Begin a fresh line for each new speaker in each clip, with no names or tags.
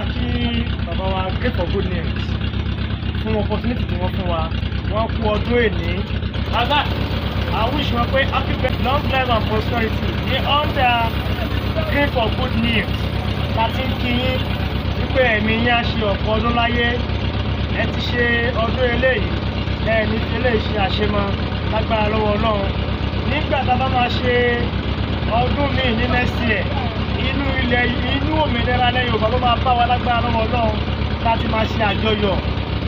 a kí bàbá wa great for good news fún opportunity tí wọ́n fún wa wọ́n kú ọdún èní. bàbá I wish wọn pé happy birthday long life and prosperity ní under great for good news láti ń kí yín wípé ẹ̀mí yín á ṣe ọ̀pọ̀ ọdún láyé ẹ ti ṣe ọdún eléyìí ẹni eléyìí ṣe àṣemọ lágbára lọ́wọ́ ọlọ́run nígbà tá a bá máa ṣe ọdún míì ní next year ilẹ̀ inú òmìnira ilẹ̀ Yorùbá ló máa bá wa lágbára lọ́wọ́ Ọlọ́run láti máa ṣe àjọyọ̀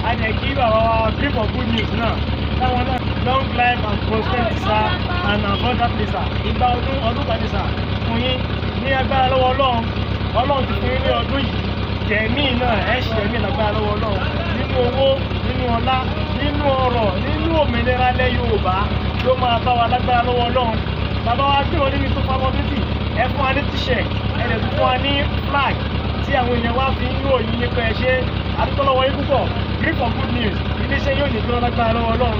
a dẹ̀ kí bàbá wa grip of good news náà táwọn náà long life and prosperity sir and abundant place sir ìgbà ọdún ọdún kan ní sir fún yín ní agbára lọ́wọ́ Ọlọ́run Ọlọ́run ti fún yín ní ọdún yìí jẹ̀mí náà ẹ̀ ṣì jẹ̀mí lágbára lọ́wọ́ Ọlọ́run nínú owó nínú ọlá nínú ọrọ̀ nínú òmìnira ilẹ̀ Yorùbá ló máa bá wa lágbára lọ́wọ́ Ọlọ́run bàbá wa gbé níbi tó fáwọn bíbí ẹ fún wa ní t-shirt ẹ lè fún wa ní flag tí àwọn èèyàn wá fi ń ròyìn nípa ẹ ṣe àdúgbò yín púpọ̀ grip for good news iléeṣẹ́ yóò ní kí wọ́n lágbára lọ́wọ́ ọlọ́run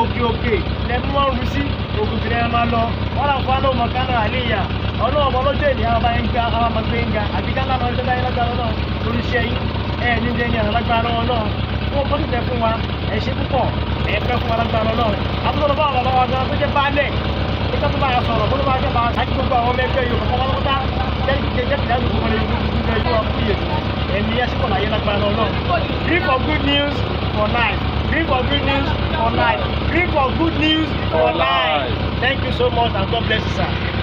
òkè òkè lẹ́nu wọn rú sí òkè òkè lẹ́nu máa lọ wọn làwọn fún alóhùn mọ̀kánà àléyà ọlọ́wọ́ ọmọ ọlọ́jọ́ ènìyàn àwọn báyìí ń ga àwọn máa gbé ń ga àti káńtà máa ń tẹ́lá yín lágbára náà lórí iṣẹ́ yín ẹ ní ilé ní àwọn lágbára lọ́wọ́ náà fún ọkọ tètè fún wa ẹ ṣe púpọ̀ ẹ fẹ́ fún wa lágbára náà àbúrò lọ́wọ́ ita bring for good news for life bring for good news for life bring for good news for life thank you so much and God bless you sir.